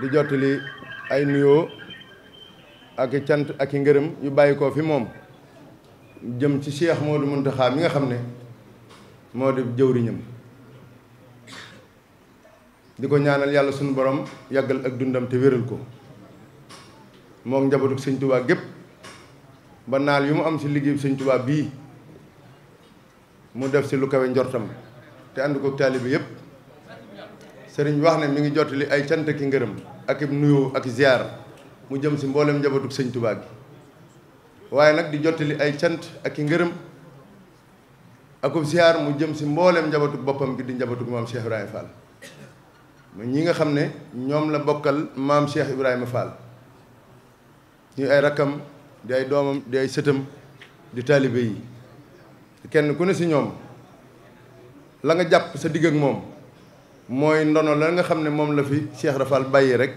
di jottali ay nuyoo ak cant ak i ngërëm yu bàyyi koo fi moom jëm ci Cheikh Modou Mountakha mi nga xam ne moo di jëwriñam di ko ñaanal yàlla suñu borom yàggal ak dundam te wéral ko moom njabootu sëñ Tuubaa gépp ba naal yi mu am ci liggéey sëñ Tuubaa bii mu def si lu kawe njortam te ànd ko taalibe yépp sëriñ wax ne mi ngi jottali ay cant ki ngërëm ak i nuyoo ak ziar mu jëm ci mboolem njabootu sëñ Tuubaa gi waaye nag di jottali ay cant ak i ngërëm akub ziar mu jëm si mboolem njabootu boppam gi di njabootu maam Cheikh Ibrahima Fall ñi nga xam ne ñoom la bokkal maam Cheikh Ibrahima Fall ñuy ay rakkam di ay doomam di ay sëtam di taalibe yi kenn ku ne ci ñoom la nga jàpp sa digg ak moom. mooy ndono la nga xam ne moom la fi Cheikh Rafal bàyyi rek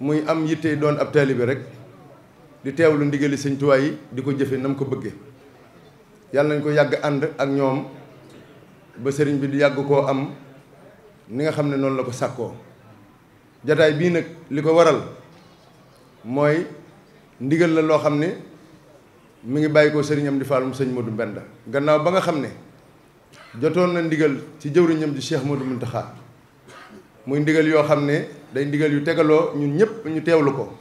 muy am yitte doon ab taalibe rek di teewlu ndigali sëñ Tuubaa yi di ko jëfe nam ko bëgge yàlla nañ ko yàgg ànd ak ñoom ba sëriñ bi di yàgg koo am ni nga xam ne noonu la ko sàkkoo jataay bii nag li ko waral mooy ndigal la loo xam ne mu ngi bàyyi ko sëriñ Amdi Fall mu sëñ Modou gannaaw ba nga xam ne jotoon na ndigal ci jëwriñam ji Cheikh Modou Mountakha muy ndigal yoo xam ne day ndigal yu tegaloo ñun ñëpp ñu teewlu ko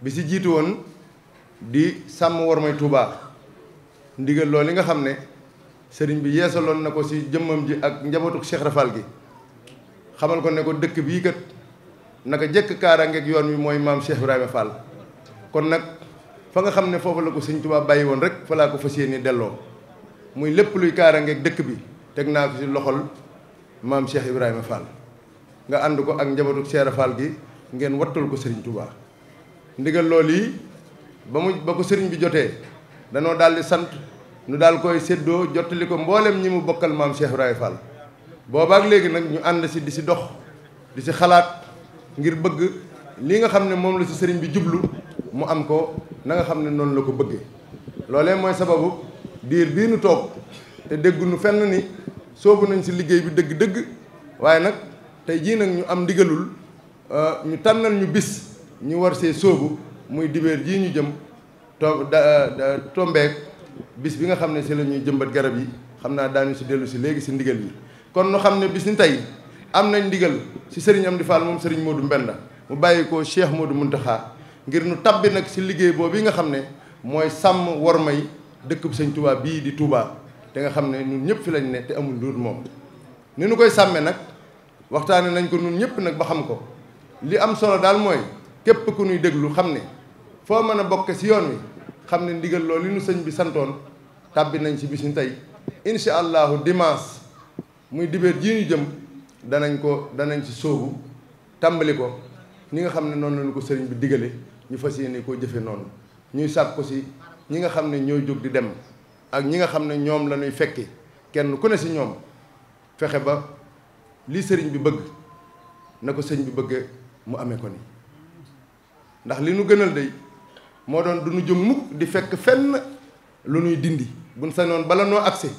bi si jiitu woon di sàmm war may Touba ndigal loolu li nga xam ne sëriñ bi yeesaloon na ko si jëmmam ji ak njabootu Cheikh Rafal gi xamal ko ne ko dëkk bii kat naka jëkk kaaraangeeg yoon wi mooy maam Cheikh Ibrahima Fall kon nag fa nga xam ne foofu la ko sëñ Touba bàyyi woon rek fa laa ko fa yéene delloo. muy lépp luy kaarangeeg dëkk bi teg naa ko ci loxol maam Cheikh Ibrahima Fall nga ànd ko ak njabootu Cheikh Fall gi ngeen wattul ko sëriñ Touba ndigal loolu yi ba mu ba ko Serigne bi jotee danoo daal di sant nu daal koy séddoo jottali ko mboolem ñi mu bokkal maam Cheikh Ibrahima Fall boobaak léegi nag ñu ànd si di si dox di si xalaat ngir bëgg li nga xam ne moom la si sëriñ bi jublu mu am ko nanga xam ne noonu la ko bëggee loolee mooy sababu. diir bii nu toog te dégguñu fenn ni soobu nañ ci liggéey bi dëgg-dëgg waaye nag tey jii nag ñu am ndigalul euh, ñu tànnal ñu bis ñu war see soobu muy dibeer jii ñu jëm to tombeek bis bi nga xam ne si la ñuy jëmbat garab yi xam naa daañu si dellu si léegi si ndigal yi kon nu xam ne bis ni tey am nañ ndigal ci sëriñ Amdi Fall moom sëriñ Modou Mbenda mu bàyyi ko Cheikh du Muntaxa ngir nu tabbi nag si liggéey boobu yi nga xam ne mooy sàmm wormay dëkk bu sëñ Touba bii di tuubaa te nga xam ne ñun ñëpp fi lañ ne te amul luur moom ni nu koy sàmmee nag waxtaane nañ ko nun ñëpp nag ba xam ko li am solo daal mooy képp ku ñuy déglu xam ne foo mën a bokke si yoon wi xam ne ndigal loolu li nu sëñ bi santoon tàbbi nañ si bis tey incha allahu dimaas muy dibéer ji ñu jëm danañ ko danañ ci soobu tàmbali ko ñi nga xam ne noonu lañu ko sëriñ bi digale ñu fas yéene koo jëfe noonu ñuy sàkku si ñi nga xam ne ñoo jóg di dem ak ñi nga xam ne ñoom la ñuy fekki kenn ku ne si ñoom fexe ba li sëriñ bi bëgg na ko sëñ bi bëgge mu amee ko ni ndax li nu gënal day moo doon du nu jóg mukk di fekk fenn lu nuy dindi buñ sañoon bala noo agsi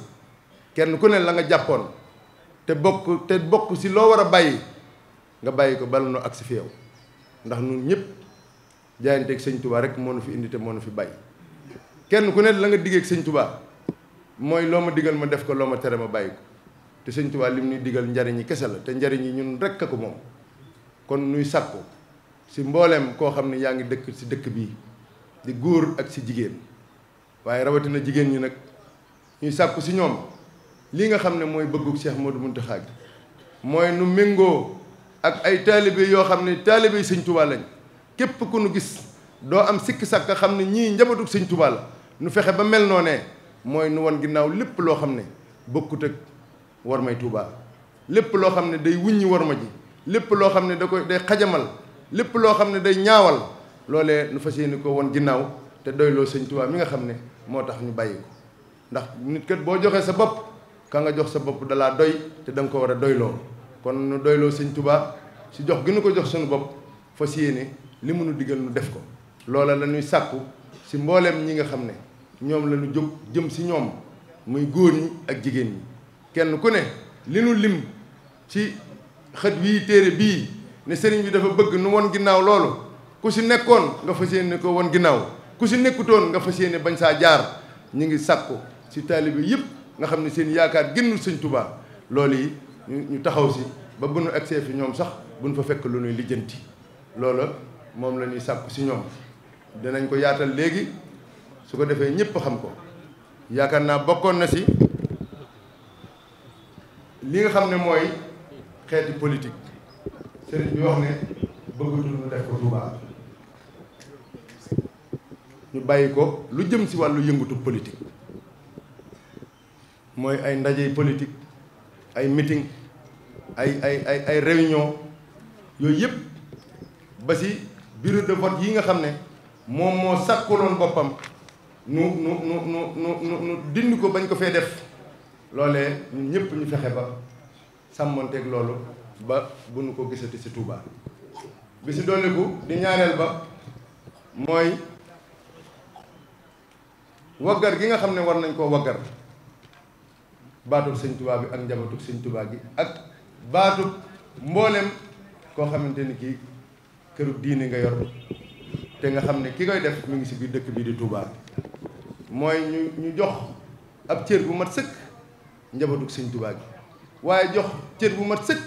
kenn ku ne la nga jàppoon te bokk te bokk si loo war a bàyyi nga bàyyi ko bala noo agsi fi yow ndax nun ñëpp jaayanteeg sëñ Tuubaa rek moo nu fi indi te moo nu fi bàyyi kenn ku ne la nga diggeeg sëñ tubaa mooy loo ma digal ma def ko loo ma tere ma bàyyi ko te sëñ tubaa lim ñuy digal njariñi kese la te njariñ yi ñun rek a ko moom kon nuy sàkku si mbooleem koo xam ne yaa ngi dëkk si dëkk bii di góor ak si jigéen waaye rawatina jigéen ñi nag ñuy sàkku si ñoom li nga xam ne mooy bëggug Cheikh du Mountakha gi mooy nu méngoo ak ay taalibe yoo xam ne taalibe sëñ tubaa lañ képp ku nu gis doo am sikki sàkk xam ne ñii njabootug sëñ Tuubaa la nu fexe ba mel noo ne mooy nu wan ginnaaw lépp loo xam ne bokkut ak war may Tuubaa lépp loo xam ne day wuññi war ma ji lépp loo xam ne da koy day xajamal lépp loo xam ne day ñaawal loolee nu fas yéene ko wan ginnaaw te doyloo sëñ tubaa mi nga xam ne moo tax ñu bàyyi ko ndax nit kat boo joxee sa bopp ka nga jox sa bopp dalaa doy te da nga ko war a doyloo kon nu doyloo sëñ Tuubaa si jox gi nu ko jox suñu bopp fas yéene li mu nu digal nu def ko loola la sàkku si mbooleem ñi nga xam ne ñoom la ñu jóg jëm si ñoom muy góor ñi ak jigéen ñi kenn ku ne li nu lim ci xët wii téere bii ne sëriñ bi dafa bëgg nu won ginnaaw loolu ku si nekkoon nga fas yéene ko won ginnaaw ku si nekkutoon nga fas yéene bañ saa jaar ñu ngi sàkku si taalibe yëpp nga xam ne seen yaakaar génnul sëñ Tuubaa loolu yi ñu taxaw si ba bu nu agsee fi ñoom sax buñ fa fekk lu nuy lijjanti loola moom la ñuy sàkku si ñoom dinañ ko yaatal léegi su ko defee ñëpp xam ko yaakaar naa bokkoon na si li nga xam ne mooy xeeti politique sëriñ bi wax ne bëggatul ñu def ko Touba ñu bàyyi ko lu jëm si wàllu yëngatu politique mooy ay ndaje politique ay mitin ay ay ay ay réunion yooyu yëpp ba si bureau de vote yi nga xam ne moom moo sàkkaloon boppam nu nu nu nu nu nu dindi ko bañ ko fee def loolee ñun ñëpp ñu fexe ba sàmmonteeg loolu ba bu nu ko gisati ci Touba. bi ci dolliku di ñaareel ba mooy waggar gi nga xam ne war nañ koo waggar baatub sëñ Touba bi ak njabootug sëñ Touba gi ak baatub mboolem koo xamante ni kii këru diine nga yor. te nga xam ne ki koy def mu ngi si biir dëkk bi di Touba mooy ñu ñu jox ab cër bu mat sëkk njabootu sëñ Touba gi waaye jox cër bu mat sëkk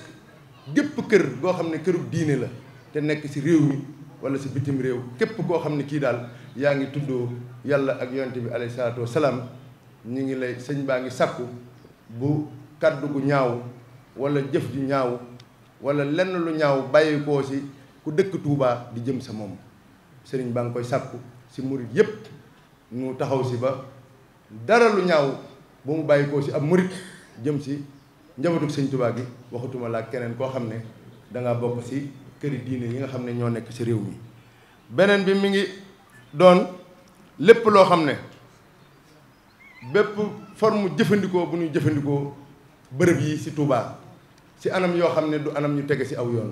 gépp kër goo xam ne kërub diine la te nekk si réew mi wala si bitim réew képp koo xam ne kii daal yaa ngi tuddoo yàlla ak yonent bi alayhi salaatu wasalaam ñu ngi lay sëñ baa ngi sàkku bu kàddu gu ñaaw wala jëf ju ñaaw walla lenn lu ñaaw bàyyi koo si ku dëkk tuubaa di jëm sa moom sëriñ baa ngi koy sàkku si murit yëpp ñu taxaw si ba dara lu ñaaw bu mu bàyyikoo ci ab murit jëm si njabatug sëñ Tuubaa gi waxatuma laa keneen koo xam ne danga bokk si kër diine yi nga xam ne ñoo nekk si réew mi beneen bi mi ngi doon lépp loo xam ne bépp forme jëfandikoo bu ñuy jëfandikoo bërëb yi si Touba si anam yoo xam ne du anam ñu tege si aw yoon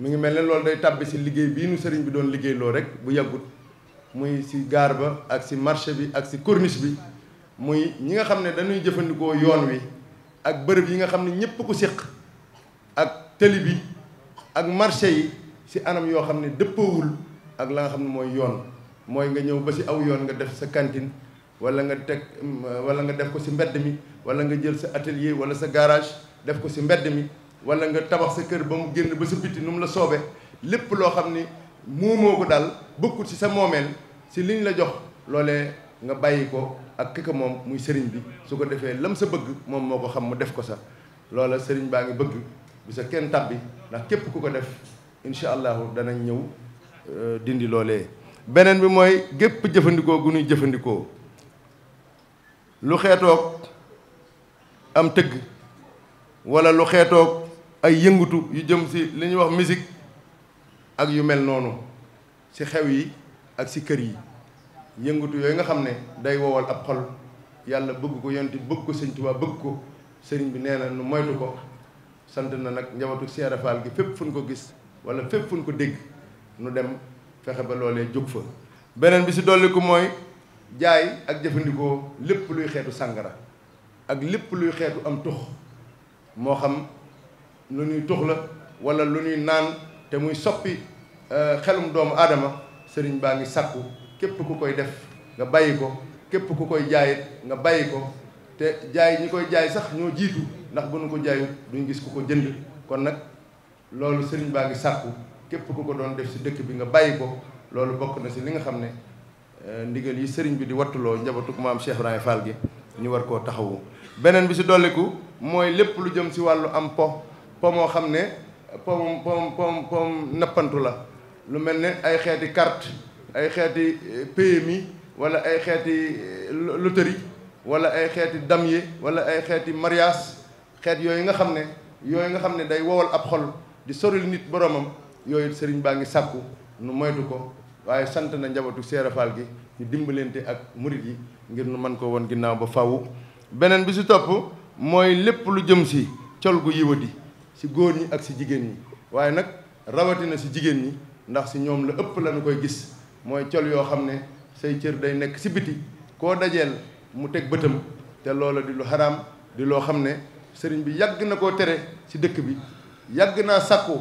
mi ngi mel ne loolu day tàbbi si liggéey bii nu sëriñ bi doon liggéeyloo rek bu yàggut muy si gaar ba ak si marché bi ak si corniche bi muy ñi nga xam ne dañuy jëfandikoo yoon wi ak bërëb yi nga xam ne ñëpp ko séq ak tëli bi ak marché yi si anam yoo xam ne dëppawul ak la nga xam ne mooy yoon mooy nga ñëw ba si aw yoon nga def sa cantine wala nga teg wala nga def ko si mbedd mi wala nga jël sa atelier wala sa garage def ko si mbedd mi wala nga tabax sa kër ba mu génn ba sa biti nu mu la soobee lépp loo xam ni moomoo ko daal bokkul ci sa moomeel ci liñ la jox loolee nga bàyyi ko ak kika moom muy sëriñ bi su ko defee lam sa bëgg moom moo ko xam mu def ko sax loola sëriñ baa ngi bëgg bu sa kenn tàbbi ndax képp ku ko def incha allahu danañ ñëw euh, dindi loolee. beneen bi mooy gépp jëfandikoo gu ñuy jëfandikoo lu xeetoog am tëgg wala lu xeetoog ay yëngatu yu jëm si li ñuy wax misik ak yu mel noonu si xew yi ak si kër yi yëngutu yooyu nga xam ne day wowal ab xol yàlla bëgg ko yonti bëgg ko sëñ Tuubaa bëgg ko sëriñ bi nee na nu moytu ko sant na nag njabootu Seera Faal gi fépp fu ko gis wala fépp fu ko dégg nu dem fexe ba loolee jóg fa beneen bi si dolliku mooy jaay ak jëfandikoo lépp luy xeetu sàngara ak lépp luy xeetu am tux moo xam lu ñuy tux la wala lu ñuy naan te muy soppi euh, xelum doomu aadama sëriñ baa ngi sàkku képp ku koy def nga bàyyi ko képp ku koy jaayit nga bàyyi ko te jaay ñi koy jaay sax ñoo jiitu ndax bu nu ko jaayut duñ gis ku ko jënd kon nag loolu sëriñ baa ngi sàkku képp ku ko doon def si dëkk bi nga bàyyi ko loolu bokk na si li nga xam ne euh, ndigal yi sëriñ bi di wattuloo njabatuk maam Cheikh Ibrahima Fall gi ñu war koo taxawu beneen bi si dolliku mooy lépp lu jëm si wàllu am po moo xam ne pom pom pom pom nappantu la lu mel ne ay xeeti carte ay xeeti eh, mi wala ay xeeti eh, loterie wala ay xeeti damye wala ay xeeti mariage xeet yooyu nga xam ne yooyu nga xam ne day wowal ab xol di soril nit boromam yooyu sëriñ baa ngi sàkku nu moytu ko waaye sant na njabootu Seera gi ñu dimbalante ak murit yi ngir nu mën ko woon ginnaaw ba fawu beneen bi si topp mooy lépp lu jëm si col gu yiwadi ci góor ñi ak si jigéen ñi waaye nag rawatina si jigéen ñi ndax si ñoom la ëpp lañu koy gis mooy col yoo xam ne say cër day nekk si biti koo dajeel mu teg bëtam te loola di lu xaraam di loo xam ne sëriñ bi yàgg na koo tere si dëkk bi yàgg naa sàkku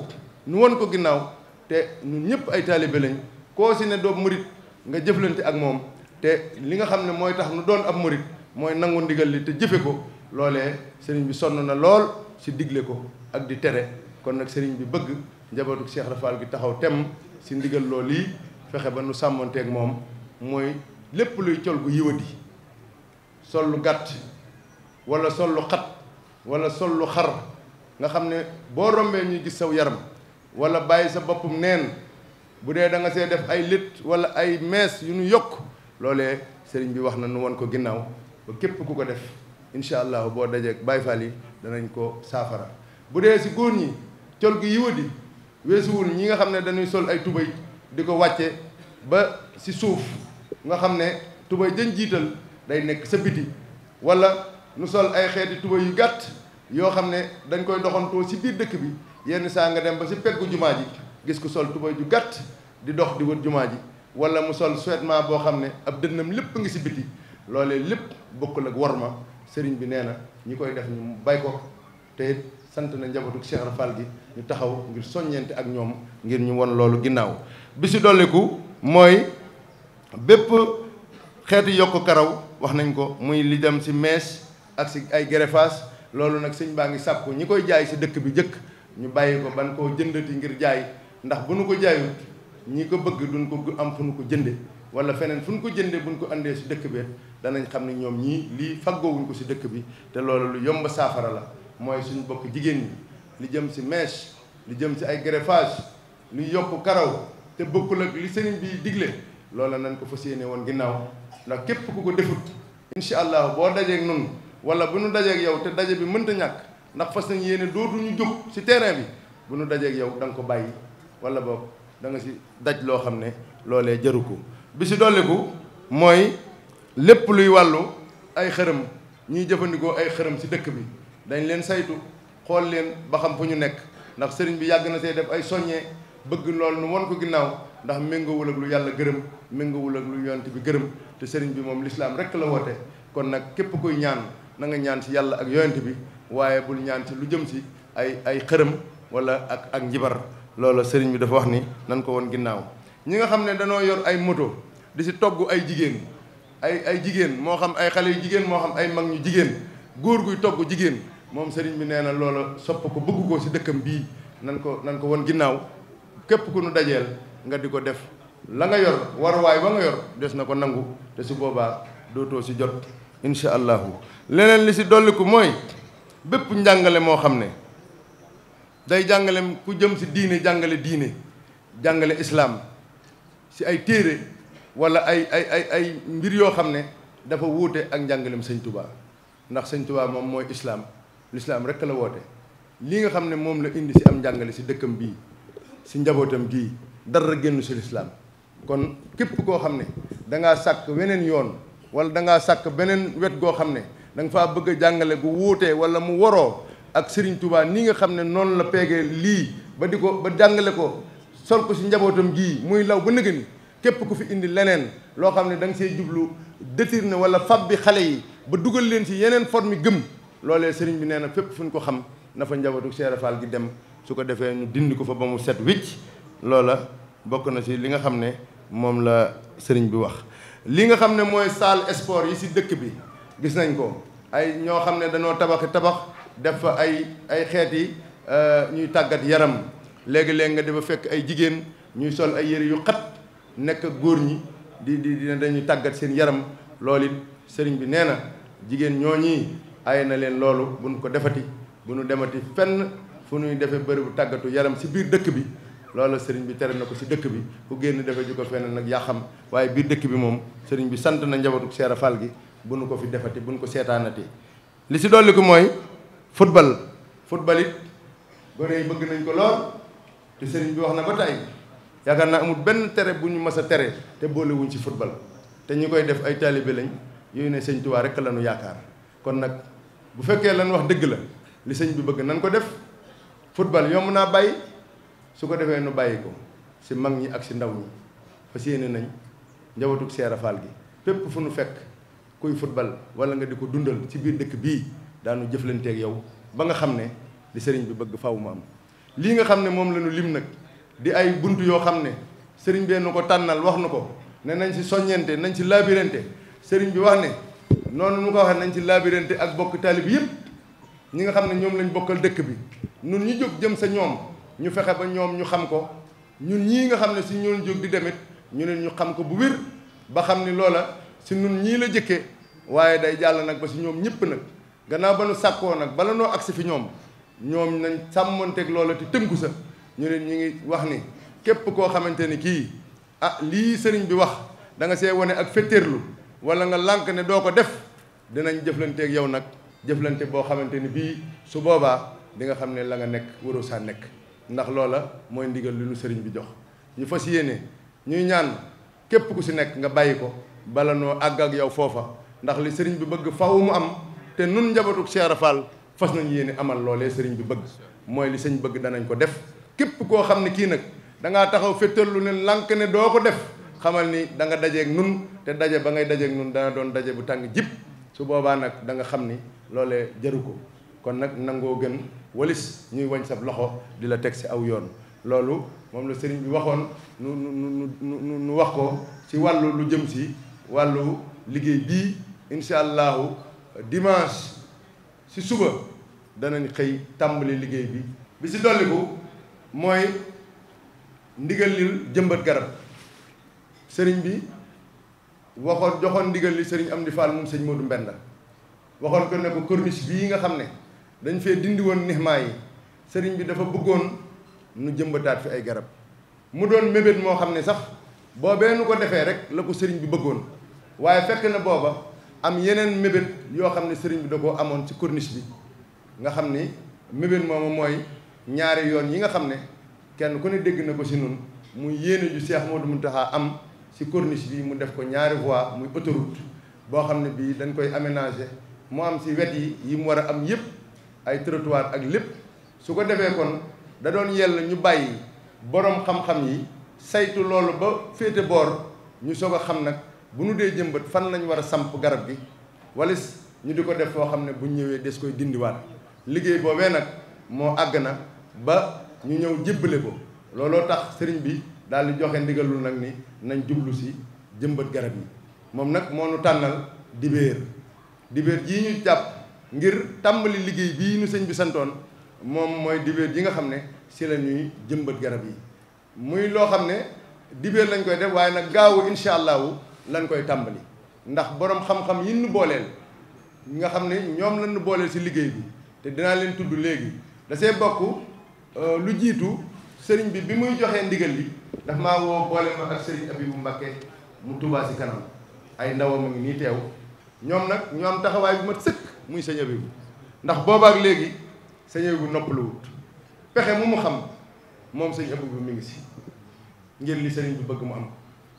nu won ko ginnaaw te ñun ñëpp ay taalibe lañ koo si ne doo murit nga jëflante ak moom te li nga xam ne mooy tax nu doon ab murit mooy nangu ndigal li te jëfe ko loolee sëriñ bi sonn na lool si digle ko ak di tere kon nag sëriñ bi bëgg njabootu Cheikh Ibra gi taxaw temm si ndigal loolu lii fexe ba nu sàmmanteeg moom mooy lépp luy col gu yiwadi sol lu gàtt wala sol lu xat wala sol lu xar nga xam ne boo rombee ñuy gis saw yaram wala bàyyi sa boppum neen bu dee da nga see def ay lit wala ay mees yu ñu yokk loolee sëriñ bi wax na nu won ko ginnaaw ba képp ku ko def incha allah boo dajeeg Baye Fall yi danañ ko saafara bu dee si góor ñi col gi di weesuwul ñi nga xam ne dañuy sol ay tubay di ko wàcce ba si suuf nga xam ne tubay jën jiital day nekk sa biti wala nu sol ay xeeti tubay yu gàtt yoo xam ne dañ koy doxantoo si biir dëkk bi yenn saa nga dem ba si peggu jumaa ji gis ko sol tubay ju gàtt di dox di wër jumaa ji wala mu sol survêtement boo xam ne ab dënnam lépp ngi si biti loolee lépp bokkul ak war ma sëriñ bi nee na ñi koy def ñu bay ko te sant na njabootu Cheikh Rafal gi ñu taxaw ngir soññeente ak ñoom ngir ñu won loolu ginnaaw bi si dolliku mooy bépp xeetu yokk karaw wax nañ ko muy li dem si mees ak si ay gerefaas loolu nag sëñ baa ngi sàkku ñi koy jaay si dëkk bi jëkk ñu bàyyi ko ban koo jëndati ngir jaay ndax bu nu ko jaayut ñi ko bëgg duñ ko am fu nu ko jënde wala feneen fu ñu ko jëndee bu buñ ko andee si dëkk bi danañ xam ne ñoom ñii lii faggoowuñ ko si dëkk bi te loolu lu yomb saafara la mooy suñu bokk jigéen ñi lu jëm si mèche li jëm si ay greffage lu yokk karaw te bokkul ak li sëriñ bi digle loola nañ ko fas yéene woon ginnaaw ndax képp ku ko defut incha allah boo dajeeg noonu wala bu nu dajeek yow te daje bi mënta ñàkk ndax fas nañ yéene dootuñu jóg si terrain bi bu nu dajeeg yow da nga ko bàyyi wala boog da nga si daj loo xam ne loolee jaru ko bi si dolliku mooy lépp luy wàllu ay xërëm ñuy jëfandikoo ay xërëm si dëkk bi dañ leen saytu xool leen ba xam fu ñu nekk ndax sëriñ bi yàgg na see def ay soññee bëgg lool nu won ko ginnaaw ndax méngoowul ak lu yàlla gërëm méngoowul ak lu yonent bi gërëm te sëriñ bi moom lislaam rek la woote kon nag képp kuy ñaan na nga ñaan si yàlla ak yonent bi waaye bul ñaan si lu jëm si ay ay xërëm wala ak ak njibar loola sëriñ bi dafa wax ni nan ko woon ginnaaw ñi nga xam ne danoo yor ay moto di si togg ay jigéen ay ay jigéen moo xam ay xale yu jigéen moo xam ay mag ñu jigéen góor guy togg jigéen moom sëriñ bi nee na loola sopp ko bëgg ko si dëkkam bii nan ko nan ko wan ginnaaw képp ku nu dajeel nga di ko def la nga yor waruwaay ba nga yor des na ko nangu te su boobaa dootoo si jot incha allahu leneen li si dolliku mooy bépp njàngale moo xam ne day jàngale ku jëm si diine jàngale diine jàngale islaam ci ay téere wala ay ay ay ay mbir yoo xam ne dafa wuute ak njàngalem sëñ tubaa ndax sëñ tubaa moom mooy islaam lislaam rek la woote lii nga xam ne moom la indi si am njàngale si dëkkam bii si njabootam gii dara génn si lislaam kon képp koo xam ne dangaa sàkk weneen yoon wala dangaa sàkk beneen wet goo xam ne danga nga faa bëgg jàngale gu wuutee wala mu waroo ak sëriñ Touba ni nga xam ne noonu la peegee lii ba di ko ba jàngale ko sol ko si njabootam gii muy law ba nëgëni képp ku fi indi leneen loo xam ne danga nga see jublu na wala fab bi xale yi ba dugal leen si yeneen mi gëm loolee sëriñ bi nee na fépp fu ñu ko xam na fa njabootu Cheikh Fall gi dem su ko defee ñu dindi ko fa ba mu set wicc loola bokk na si li nga xam ne moom la sëriñ bi wax. li nga xam ne mooy saal sport yi si dëkk bi gis nañ ko ay ñoo xam ne dañoo tabaxi tabax def fa ay ay xeet yi euh, ñuy tàggat yaram. léegi-léeg nga dafa fekk ay jigéen ñuy sol ay yére yu xat nekk góor ñi di di dina dañuy tàggat seen yaram loolu it sëriñ bi nee na jigéen ñoo ñi aye na leen loolu buñ ko defati bu nu demati fenn fu nuy defee bariwu tàggatu yaram si biir dëkk bi loolu sëriñ bi tere na ko si dëkk bi ku génn defee ji ko fenn nag yaa xam waaye biir dëkk bi moom sëriñ bi sant na njabootu Seera Fall gi bu nu ko fi defati bu nu ko seetaanati li si dolli ko mooy football football it bëgg nañ ko lool te sëriñ bi wax na ba tey yaakaar naa amul benn tere bu ñu mës a tere te boolewuñ ci football te ñi koy def ay taalibe lañ yooyu ne sëñ Tuubaa rek la yaakaar kon nag bu fekkee lan wax dëgg la li sëñ bi bëgg nan ko def football yomb naa bàyyi su ko defee nu bàyyi ko si mag ñi ak si ndaw ñi fas yéene nañ njabootu Seera Faal gi fépp fu nu fekk kuy football wala nga di ko dundal ci biir dëkk bii daanu jëflanteek yow ba nga xam ne li sëriñ bi bëgg faaw mu am. lii nga xam ne moom la ñu lim nag di ay bunt yoo xam ne sëriñ bee nu ko tànnal wax nu ko ne nañ si soññente nañ ci laabirante sëriñ bi wax ne noonu nu ko waxee nañ ci laabirante ak bokk taalib yëpp ñi nga xam ne ñoom lañ bokkal dëkk bi nun ñu jóg jëm sa ñoom ñu fexe ba ñoom ñu xam ko ñun ñii nga xam ne si ñoo jóg di demit ñu ne ñu xam ko bu wér ba xam ni loola si nun ñii la jëkkee waaye day jàll nag ba si ñoom ñëpp nag gannaaw ba nu sàkkoo nag bala noo agsi fi ñoom ñoom nañ sàmmonteeg loola te tënku sa ñu ne ñu ngi wax ni képp koo xamante ni kii ah lii sëriñ bi wax danga see wane ak fetteerlu wala nga lànk ne doo ko def dinañ jëflanteek yow nag jëflante boo xamante ni bii su boobaa di nga xam ne la nga nekk waroo saa nekk ndax loola mooy ndigal li lu sëriñ bi jox ñu fas yéene ñuy ñaan képp ku si nekk nga bàyyi ko bala noo àgg ak yow foofa ndax li sëriñ bi bëgg faw mu am te nun njabootu Cheikh fas nañu yéene amal loolee sëriñ bi bëgg mooy li sëñ bëgg danañ ko def képp koo xam ne kii nag da taxaw taxaw lu ne lànk ne doo ko def xamal ni danga nga dajeeg nun te daje ba ngay dajeek nun dana doon daje bu tàng jip su boobaa nag da nga xam ni loole jaru ko kon nag nangoo gën walis ñuy wañ sab loxo di la teg si aw yoon loolu moom la sëriñ bi waxoon nu nu nu nu wax ko ci wàllu lu jëm si wàllu liggéey bii incha allahu dimanche si suba danañ xëy tàmbali liggéey bi bi si dolliku mooy ndigal li jëmbat garab sëriñ bi waxoon joxoon ndigal li sëriñ Amdi Fall moom sëñ Modou Mbenda waxoon ko ne ko corniche bii nga xam ne dañ fee dindi woon maa yi sëriñ bi dafa bëggoon nu jëmbataat fi ay garab mu doon mébét moo xam ne sax boobee nu ko defee rek la ko sëriñ bi bëggoon waaye fekk na booba am yeneen mébét yoo xam ne sëriñ bi da koo amoon ci corniche bi nga xam ni mébét moomu mooy ñaari yoon yi nga xam ne kenn ku ne dégg na ko si nun mu yéene ju Cheikh Modou Mountakha am si corniche bi mu def ko ñaari voie muy autoroute boo xam ne bii dañ koy aménager mu am si wet yi yi mu war a am yëpp ay trottoir ak lépp su ko defee kon da doon yell ñu bàyyi borom xam-xam yi saytu loolu ba féete boor ñu soog a xam nag. bu nu dee jëmbat fan lañu war a samp garab gi walis ñu di ko def foo xam ne bu ñëwee des koy dindiwaat liggéey boobee nag moo àgg na ba ñu ñëw jébbale ko looloo tax sëriñ bi daal di joxe ndigalul nag ni nañ jublu si jëmbat garab yi moom nag moo nu tànnal dibéer dibéer jii ñu jàpp ngir tàmbali liggéey bii nu sëñ bi santoon moom mooy dibéer yi nga xam ne si la ñuy jëmbat garab yi muy loo xam ne dibéer lañ koy def waaye nag gaawu incha allahu lañ koy tàmbali ndax boroom xam-xam yi booleel nga xam ne ñoom lan booleel si liggéey bi te dinaa leen tudd léegi da see bokk euh, lu jiitu sëriñ bi bi muy joxee ndigal li daf maa woo boole ma ak sëriñ Abibu Mbàkke mu Tuubaa si kanam ay ndawam a ngi nii ñoom nag ñoo am taxawaay mat sëkk muy sëñ Abibu ndax boobaak léegi sëñ Abibu noppaluwut pexe mu mu xam moom sëñ Abibu mi ngi si ngir li sëriñ bi bëgg mu am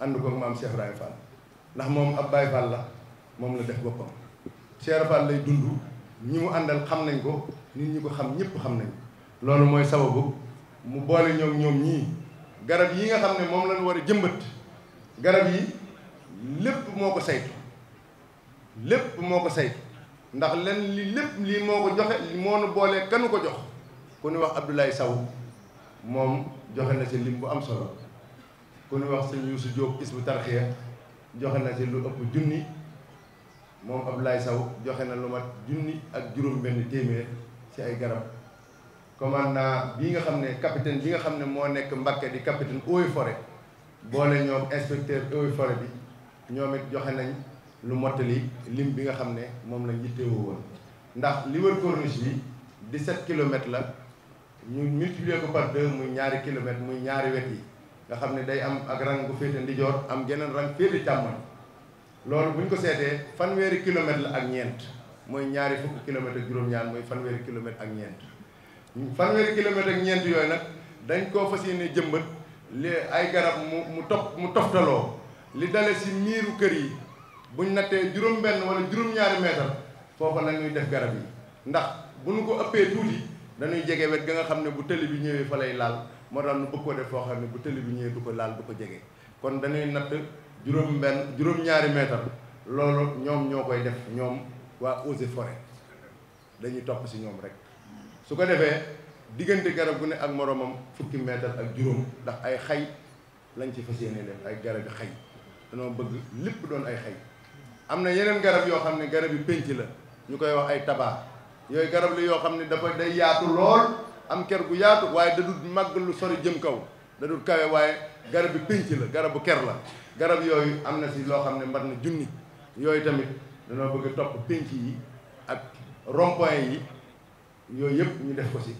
ànd ko mu am Cheikh Ibrahima ndax moom ab Baay Faal la moom la def boppam Cheikh Fall lay dund ñi mu àndal xam nañ ko nit ñi ko xam ñépp xam nañ loolu mooy sababu mu boole ñoom ñoom ñii garab yi nga xam ne moom lañ war a jëmbat garab yi lépp moo ko saytu lépp moo ko saytu ndax len li lépp lii moo ko joxe moo nu boolee kanu ko jox ku ñu wax Abdoulaye Saw moom joxe na ci lim bu am solo ku ñu wax sëñ Youssou Diop isbu tarxiya joxe na si lu ëpp junni moom Abdoulaye Sow joxe na lu mat junni ak juróom-benn téeméer si ay garab commandant bi nga xam ne capitaine bi nga xam ne moo nekk Mbacké di capitaine eaux fore forêt boole ñoom inspecteur eaux et bi ñoom joxe nañ lu mottali lim bi nga xam ne moom lañ yittewoo woon ndax li wër bi di 17 kilomètres la ñu multiplier ko par muy ñaari kilomètres muy ñaari wet yi. nga xam ne day am ak rang bu féete ndijoor am geneen rang féete càmmoñ loolu bu ñu ko seetee fanweeri kilomètre la ak ñeent mooy ñaari fukki kilomètre ak juróom-ñaar mooy fanweeri kilomètre ak ñeent fanweeri kilomètre ak ñeent yooyu nag dañ koo fas yéene jëmbat li ay garab mu mu topp mu toftaloo li dale si miiru kër yi buñ nattee juróom-benn wala juróom-ñaari mètre foofa la ñuy def garab yi ndax bu nu ko ëppee tuuti dañuy jege wet ga nga xam ne bu tëli bi ñëwee fa lay laal moo tax nu bëgg ko def foo xam ne bu tëli bi ñëwee du ko laal du ko jege kon dañuy natt juróom benn juróom-ñaari mètre loolu ñoom ñoo koy def ñoom waa eaux et dañuy topp si ñoom rek su ko defee diggante garab gu ne ak moroomam fukki mètre ak juróom ndax ay xay lañ ci fas yéene def ay garab yi xay danoo bëgg lépp doon ay xay am na yeneen garab yoo xam ne garab yi pénc la ñu koy wax ay tabac yooyu garab la yoo xam ne dafa day yaatu lool am ker gu yaatu waaye da dul màgg lu sori jëm kaw da dul kawe waaye garab bi pénc la garabu ker la garab yooyu am na si loo xam ne mbar na junni yooyu tamit dañoo bëgg topp pénc yi ak rond yi yooyu yëpp ñu def ko si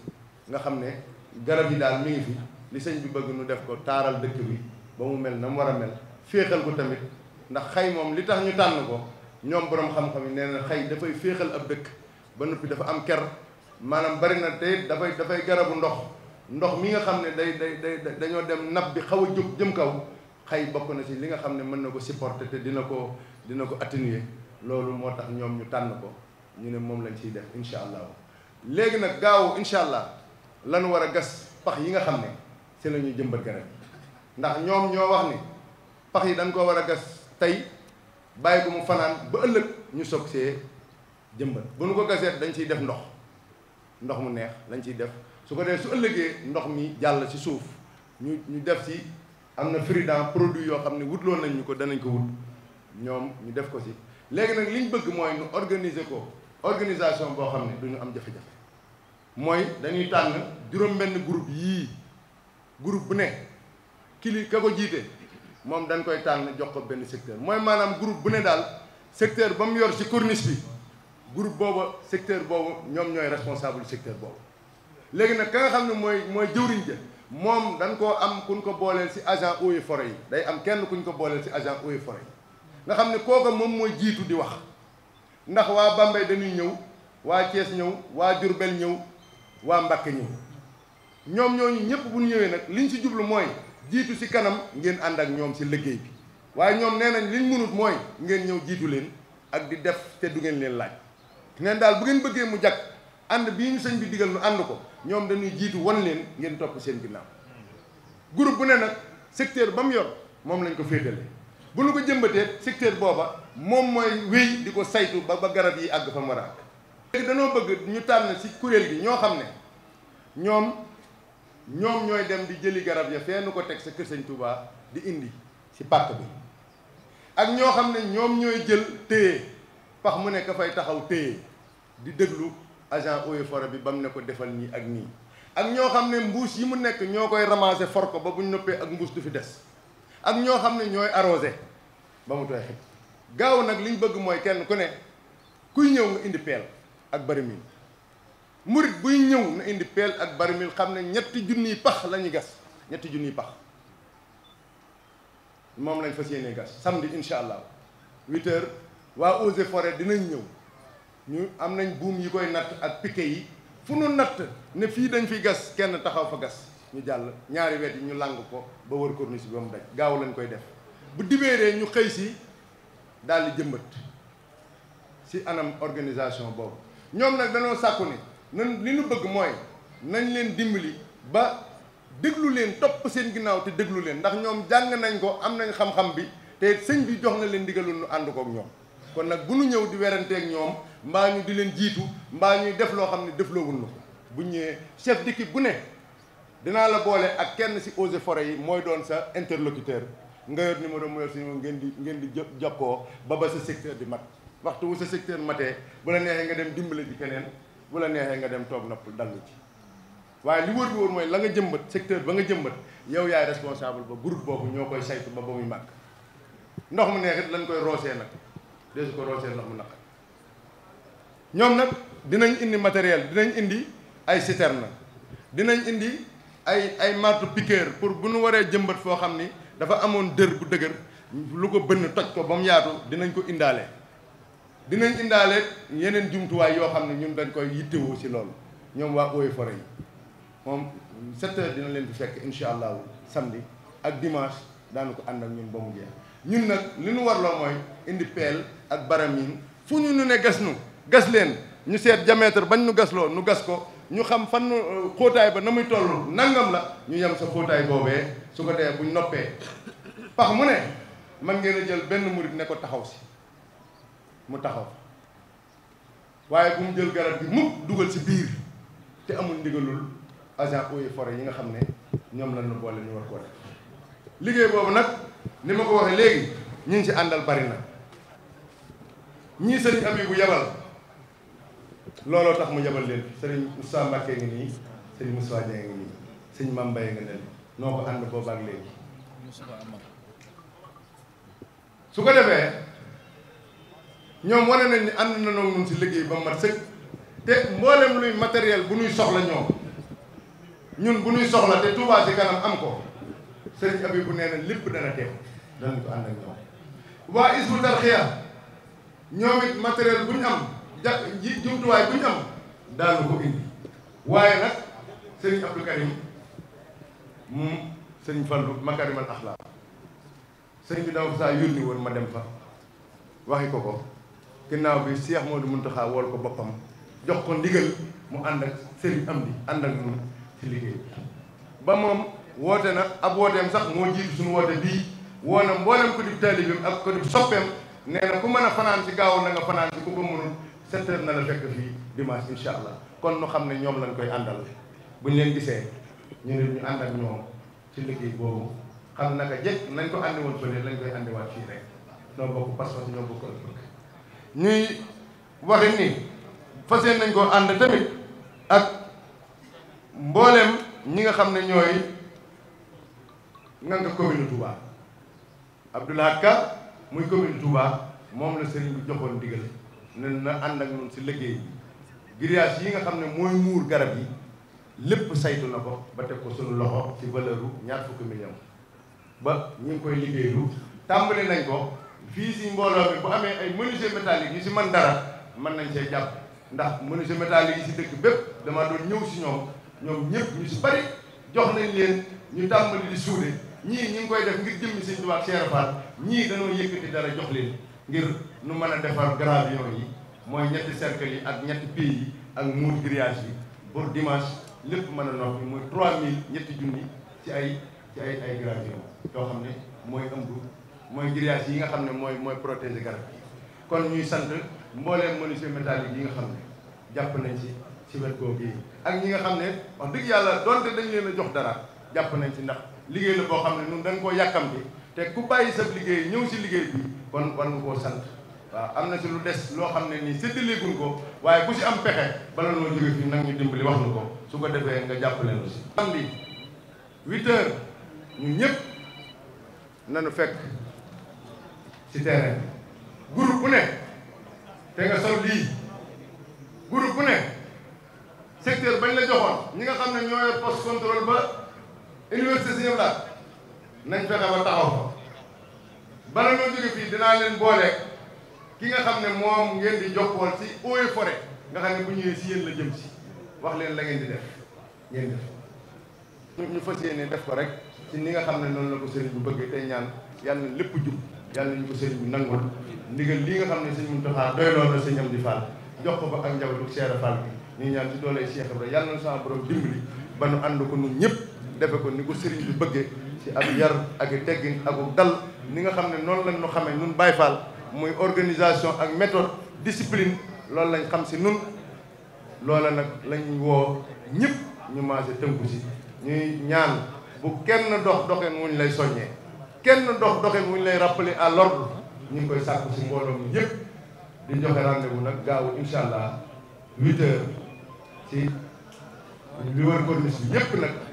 nga xam ne garab yi daal mi ngi fi li sëñ bi bëgg nu def ko taaral dëkk bi ba mu mel na mu war a mel féexal ko tamit ndax xay moom li tax ñu tànn ko ñoom boroom xam-xam yi nee na xay dafay féexal ab dëkk ba noppi dafa am ker maanaam bari na tey dafay dafay garabu ndox ndox mi nga xam ne day day day dañoo dem napp bi xaw a jëm kaw xëy bokk na si li nga xam ne mën na ko supporter te dina ko dina ko atténuer loolu moo tax ñoom ñu tànn ko ñu ne moom lañ ciy def incha allah léegi nag gaaw incha allah lañu war a gas pax yi nga xam ne si la ñuy jëmbat garab ndax ñoom ñoo wax ni pax yi dañ ko war a gas tey bàyyi ko mu fanaan ba ëllëg ñu soog see jëmbat bu nu ko gasee dañ ciy def ndox ndox mu neex lañ ciy def su ko dee su ëllëgee ndox mi jàll ci suuf ñu ñu def si am na fridan produit yoo xam ne wutloon nañ ñu ko danañ ko wut ñoom ñu def ko si léegi nag liñ bëgg mooy ñu organiser ko organisation boo xam ne duñu am jafe-jafe mooy dañuy tàng juróom-benn groupe yii groupe bu ne kili ka ko jiite moom dañ koy tàng jox ko benn secteur mooy maanaam groupe bu ne daal secteur ba mu yor ci corniche bi groupe booba secteur boobu ñoom ñooy responsable secteur boobu léegi nag ka nga xam ne mooy mooy jëwriñ ja moom dañ koo am kuñ ko booleel si agent eaux et forêt yi day am kenn kuñ ko booleel si agent eaux et forêt yi nga xam ne kooka moom mooy jiitu di wax ndax waa Bambey dañuy ñëw waa Thiès ñëw waa Diourbel ñëw waa Mbacké ñëw ñoom ñooñu ñëpp bu ñu ñëwee nag liñ si jublu mooy jiitu si kanam ngeen ànd ak ñoom si liggéey bi waaye ñoom nee nañ liñ mënut mooy ngeen ñëw jiitu leen ak di def te du ngeen leen laaj neen daal bu ngeen bëggee mu jag ànd bii ñu sëñ bi digal nu ànd ko ñoom dañuy jiitu won leen ngeen topp seen ginnaaw groupe bu ne nag secteur ba mu yor moom lañ ko féetale bu nu ko jëmbatee secteur booba moom mooy wéy di ko saytu ba ba garab yi àgg fa mu war a àgg léegi danoo bëgg ñu tànn si kuréel gi ñoo xam ne ñoom ñoom ñooy dem di jëli garab ya fee nu ko teg sa kër Sëñ Touba di indi ci pàkk bi ak ñoo xam ne ñoom ñooy jël téye pax mu nekk fay taxaw téye di déglu agent eaux et bi ba mu ne ko defal nii ak nii ak ñoo xam ne mbuus yi mu nekk ñoo koy ramasser for ko ba bu ñu noppee ak mbuus du fi des ak ñoo xam ne ñooy arrosé ba mu tooy xëj gaaw nag li bëgg mooy kenn ku ne kuy ñëw nga indi peel ak barimil murit buy ñëw na indi peel ak barimil xam ne ñetti junniy pax la ñuy gas ñetti junniy pax moom lañ fas yéenee gas samedi incha allah huit waa eaux et dinañ ñëw. ñu am nañ buum yi koy natt ak piquet yi fu nu natt ne fii dañ fi gas kenn taxaw fa gas ñu jàll ñaari wet yi ñu làng ko ba wër corniche si ba mu daj gaaw lañ koy def bu dibéeree ñu xëy si daal di jëmbat si anam organisation boobu ñoom nag dañoo sàkku ni nan li ñu bëgg mooy nañ leen dimbali ba déglu leen topp seen ginnaaw te déglu leen ndax ñoom jàng nañ ko am nañ xam-xam bi te sëñ bi jox na leen ndigalul ñu ànd kook ñoom kon nag bu ñu ñëw di weranteeg ñoom mbaa ñu di leen jiitu mbaa ñuy def loo xam ne defloowul na ko bu ñëwee chef d'équipe bu ne dinaa la boole ak kenn si eaux et yi mooy doon sa interlocuteur nga yor numéro mu yor si ngeen di ngeen di jë jokkoo ba ba sa secteur di mat waxtu wu sa secteur matee bu la neexee nga dem dimbale ji keneen bu la neexee nga dem toog napp dall ci waaye li wër bi wër mooy la nga jëmbat secteur ba nga jëmbat yow yaay responsable ba groupe boobu ñoo koy saytu ba ba màgg ndox mu neexit lañ koy roosee nag deesu ko roosee ndox mu naqar ñoom nag dinañ indi matériel dinañ indi ay citerne dinañ indi ay ay marteau piqueur pour bu nu waree jëmbat foo xam ni dafa amoon dër bu dëgër lu ko bënn toj ko ba mu yaatu dinañ ko indaale dinañ indaale yeneen jumtuwaay yoo xam ne ñun dañ koy yittewoo ci loolu ñoom waa Eaux et yi moom sept dina leen bi fekk incha allahu samedi ak dimanche daanu ko ànd ak ñun ba mu jeex ñun nag li ñu warloo mooy indi peel ak baramin fu ñu nu ne gas nu gas leen ñu seet diamètre bañ nu gasloo nu gas ko ñu xam fan euh, xóotaay ba na muy toll nangam la ñu yem sa xóotaay boobee su ko dee buñ noppee pax mu ne man ngeen a jël benn murit ne ko taxaw si mu taxaw waaye bu mu jël garab bi mukk dugal si biir te amul ndigalul agent eaux et yi nga xam ne ñoom lan nu boole ñu war koo def liggéey boobu nag ni ma ko waxee léegi ñu ngi si àndal bari na ñii abi bu yabal looloo tax mu yabal leen sëriñ Moussa Mbacke ngi nii sëriñ Moussa Dieng ngi nii sëriñ Mame Mbaye nga nel noo ko ànd boobaak léegi su ko defee ñoom wane nañ ni ànd na noonu si liggéey ba mat sëkk te mboolem luy matériel bu nuy soxla ñoom ñun bu nuy soxla te Touba kanam am ko sëriñ Abibu nee ne lépp dana teew danañ ko ànd ak ñoom waa Hizbut Tarqiyyah ñoom matériel bu ñu am ja jumtuwaay bu ñu am daanu ko indi waaye nag sëriñ Abdou Karim mu sëriñ Fallou Makarimal Axlaaq sëriñ bi dama fa saa yónni woon ma dem fa waxi ko ko ginnaaw bi Cheikh Modou Mountakha wool ko boppam jox ko ndigal mu ànd ak sëriñ am di ànd ak ñun ci liggéey ba moom woote na ab wooteem sax moo jiitu suñu woote bii woo na mboolem ko di taalibeem ak ko di soppeem nee na ku mën a fanaan ci gaaw na nga fanaan ci ku ko mënul sept heures na la fekk fii dimanche incha allah kon nu xam ne ñoom lañ koy àndal buñ leen gisee ñu ne ñu ànd ñoom ci liggéey boobu xam naka jëkk nañ ko àndi woon fële lañ koy àndiwaat fii rek ñoo bokk pas-pas ñoo bokk ëllëg ñuy waxe ni fas nañ koo ànd tamit ak mbooleem ñi nga xam ne ñooy nga nga commune Touba Abdoulaye muy commune Touba moom la sëriñ bi joxoon digal ne na ànd ak ñun si liggéey bi grillage yi nga xam ne mooy muur garab yi lépp saytu na ko ba teg ko suñu loxo ci valeur u ñaar fukki million ba ñu ngi koy liggéeylu tàmbali nañ ko fii si mbooloo mi bu amee ay menuisier métallique yu si mën dara man nañ see jàpp ndax menuisier métallique yi si dëkk bépp dama doon ñëw si ñoom ñoom ñëpp ñu si bari jox nañ leen ñu tàmbali di suude ñii ñu ngi koy def ngir jëmmi si Tuubaa Cheikh Fall ñii dañoo yëkkati dara jox leen ngir nu mën a defar gravion yi mooy ñetti cercle yi ak ñetti pays yi ak muur grillage yi pour dimanche lépp mën a noppi mooy 3000 ñetti junni ci ay ci ay ay gravion yoo xam ne mooy ëmb mooy grillage yi nga xam ne mooy mooy protéger garab yi kon ñuy sant mbooleem menuisier métallique yi nga xam ne jàpp nañ ci ci wet googu yi ak ñi nga xam ne wax dëgg yàlla donte dañ leen a jox dara jàpp nañ ci ndax liggéey la boo xam ne ñun dañ koo yàkkamti te ku bàyyi sa liggéey ñëw si liggéey bi kon war nga koo sant waaw am na si lu des loo xam ne nii séddaleeguñ ko waaye bu si am pexe bala noo jóge fii nag ñu dimbali wax nu ko su ko defee nga jàppale nu si. samedi huit heures ñun ñëpp fekk si terrain groupe bu ne te nga sol lii groupe bu ne secteur bañ la joxoon ñi nga xam ne ñoo yor poste ba. université si yëpp daal nañ fexe ba taxaw fa bala ñoo jóge fii dinaa leen booleeg ki nga xam ne moom ngeen di jokkool si eaux et nga xam ne bu ñëwee si yéen la jëm si wax leen la ngeen di def ngeen def ñu fas yéene def ko rek ci ni nga xam ne noonu la ko sëriñ bu bëggee tey ñaan yàlla lépp jub yàlla nañu ko sëriñ bu nangul ndigal lii nga xam ne sëñ Muntaxa doy loolu la sëñ Amdi Fall jox ko ba ak njabootu Cheikh Fall bi ñu ñaan ci doole Cheikh Ibrahima yàlla na sama ba nu ànd ko ñun ñëpp defe ko ni ko sëriñ bi bëggee ci ab yar ak i teggin ak dal ni nga xam ne noonu lañ ñu xamee nun Baye Fall muy organisation ak méthode discipline loolu lañ xam si nun loola nag lañuy woo ñëpp ñu maase tënku si ñuy ñaan bu kenn dox doxeen wuñ lay soññee kenn dox doxeen wuñ lay rappeler à l'ordre ñu ngi koy sàkku si mbooloo mi yëpp di joxe rendez-vous nag gaaw incha allah ci li wër corniche yëpp nag